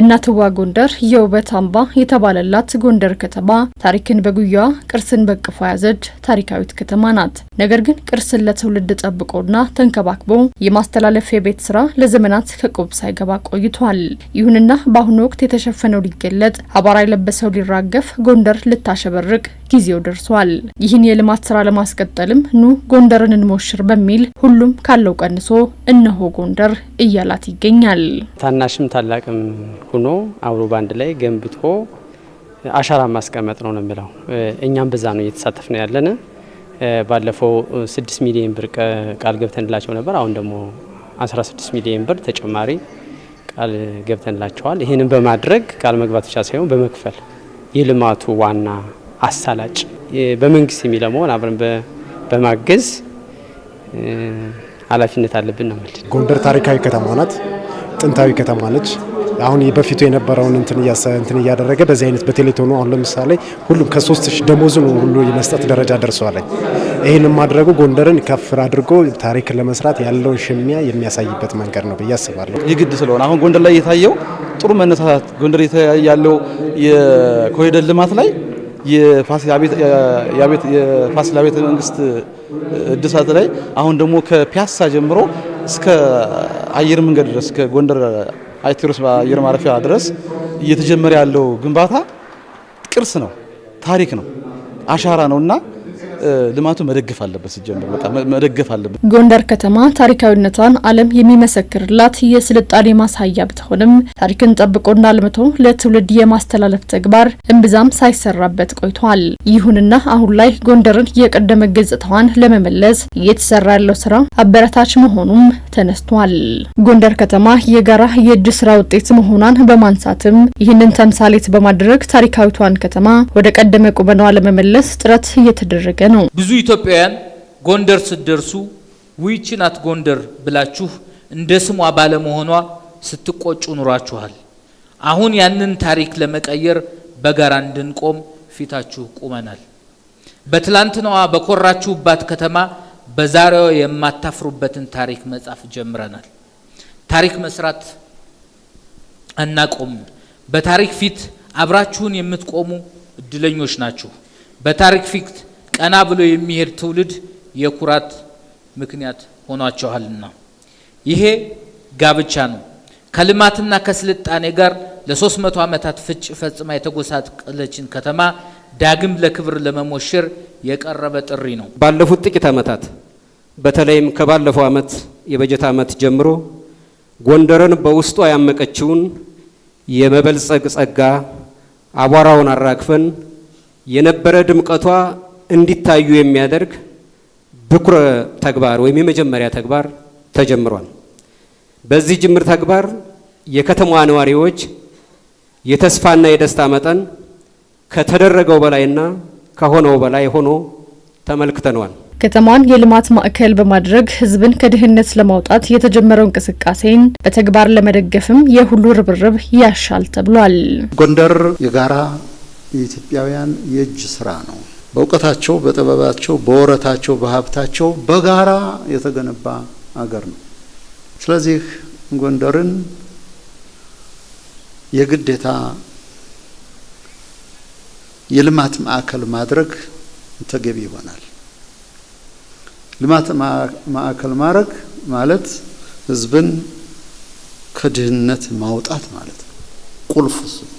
እናትዋ ጎንደር የውበት አምባ የተባለላት ጎንደር ከተማ ታሪክን በጉያዋ ቅርስን በቅፎ ያዘች ታሪካዊት ከተማ ናት። ነገር ግን ቅርስን ለትውልድ ጠብቆና ተንከባክቦ የማስተላለፍ የቤት ስራ ለዘመናት ከቁብ ሳይገባ ቆይቷል። ይሁንና በአሁኑ ወቅት የተሸፈነው ሊገለጥ፣ አቧራ የለበሰው ሊራገፍ፣ ጎንደር ልታሸበርቅ ጊዜው ደርሷል። ይህን የልማት ስራ ለማስቀጠልም ኑ ጎንደርን እንሞሽር በሚል ሁሉም ካለው ቀንሶ እነሆ ጎንደር እያላት ይገኛል። ታናሽም ታላቅም ሁኖ አብሮ ባንድ ላይ ገንብቶ አሻራ ማስቀመጥ ነው ነው የምለው። እኛም በዛ ነው እየተሳተፍ ነው ያለን። ባለፈው ስድስት ሚሊዮን ብር ቃል ገብተንላቸው ነበር። አሁን ደግሞ 16 ሚሊዮን ብር ተጨማሪ ቃል ገብተንላቸዋል። ይህንን በማድረግ ቃል መግባት ብቻ ሳይሆን በመክፈል የልማቱ ዋና አሳላጭ በመንግስት መሆን አብረን በማገዝ ኃላፊነት አለብን ነው ምል። ጎንደር ታሪካዊ ከተማ ናት። ጥንታዊ ከተማ ነች። አሁን በፊቱ የነበረውን እንትን እንትን እያደረገ በዚህ አይነት በቴሌቶኑ አሁን ለምሳሌ ሁሉም ከሶስት ሺህ ደሞዝ ነው ሁሉ የመስጠት ደረጃ ደርሰዋለኝ። ይህን ማድረጉ ጎንደርን ከፍ አድርጎ ታሪክ ለመስራት ያለውን ሽሚያ የሚያሳይበት መንገድ ነው ብዬ አስባለሁ። የግድ ስለሆነ አሁን ጎንደር ላይ የታየው ጥሩ መነሳሳት ጎንደር ያለው የኮሪደር ልማት ላይ የፋሲል ቤተ መንግስት እድሳት ላይ አሁን ደግሞ ከፒያሳ ጀምሮ እስከ አየር መንገድ ድረስ ከጎንደር አይቴሮስ አየር ማረፊያ ድረስ እየተጀመረ ያለው ግንባታ ቅርስ ነው፣ ታሪክ ነው፣ አሻራ ነው እና ልማቱ መደገፍ አለበት። ሲጀምር በጣም መደገፍ አለበት። ጎንደር ከተማ ታሪካዊነቷን ዓለም የሚመሰክርላት የስልጣኔ ማሳያ ብትሆንም ታሪክን ጠብቆና አልምቶ ለትውልድ የማስተላለፍ ተግባር እምብዛም ሳይሰራበት ቆይቷል። ይሁንና አሁን ላይ ጎንደርን የቀደመ ገጽታዋን ለመመለስ እየተሰራ ያለው ስራ አበረታች መሆኑም ተነስቷል። ጎንደር ከተማ የጋራ የእጅ ስራ ውጤት መሆኗን በማንሳትም ይህንን ተምሳሌት በማድረግ ታሪካዊቷን ከተማ ወደ ቀደመ ቁመናዋ ለመመለስ ጥረት እየተደረገ የተደረገ ነው። ብዙ ኢትዮጵያውያን ጎንደር ስትደርሱ ውይቺ ናት ጎንደር ብላችሁ እንደ ስሟ ባለመሆኗ ስትቆጩ ኑሯችኋል። አሁን ያንን ታሪክ ለመቀየር በጋራ እንድንቆም ፊታችሁ ቁመናል። በትላንትናዋ በኮራችሁባት ከተማ በዛሬዋ የማታፍሩበትን ታሪክ መጻፍ ጀምረናል። ታሪክ መስራት አናቆም። በታሪክ ፊት አብራችሁን የምትቆሙ እድለኞች ናችሁ። በታሪክ ፊት ቀና ብሎ የሚሄድ ትውልድ የኩራት ምክንያት ሆኗቸዋልና ይሄ ጋብቻ ነው። ከልማትና ከስልጣኔ ጋር ለ መቶ ዓመታት ፍጭ ፈጽማ የተጎሳቀለችን ከተማ ዳግም ለክብር ለመሞሸር የቀረበ ጥሪ ነው። ባለፉት ጥቂት ዓመታት በተለይም ከባለፈው ዓመት የበጀት ዓመት ጀምሮ ጎንደርን በውስጧ ያመቀችውን የመበልጸግ ጸጋ አቧራውን አራግፈን የነበረ ድምቀቷ እንዲታዩ የሚያደርግ ብኩረ ተግባር ወይም የመጀመሪያ ተግባር ተጀምሯል። በዚህ ጅምር ተግባር የከተማዋ ነዋሪዎች የተስፋና የደስታ መጠን ከተደረገው በላይና ከሆነው በላይ ሆኖ ተመልክተነዋል። ከተማዋን የልማት ማዕከል በማድረግ ሕዝብን ከድህነት ለማውጣት የተጀመረው እንቅስቃሴን በተግባር ለመደገፍም የሁሉ ርብርብ ያሻል ተብሏል። ጎንደር የጋራ የኢትዮጵያውያን የእጅ ስራ ነው። በእውቀታቸው፣ በጥበባቸው፣ በወረታቸው፣ በሀብታቸው በጋራ የተገነባ አገር ነው። ስለዚህ ጎንደርን የግዴታ የልማት ማዕከል ማድረግ ተገቢ ይሆናል። ልማት ማዕከል ማድረግ ማለት ህዝብን ከድህነት ማውጣት ማለት ነው። ቁልፉ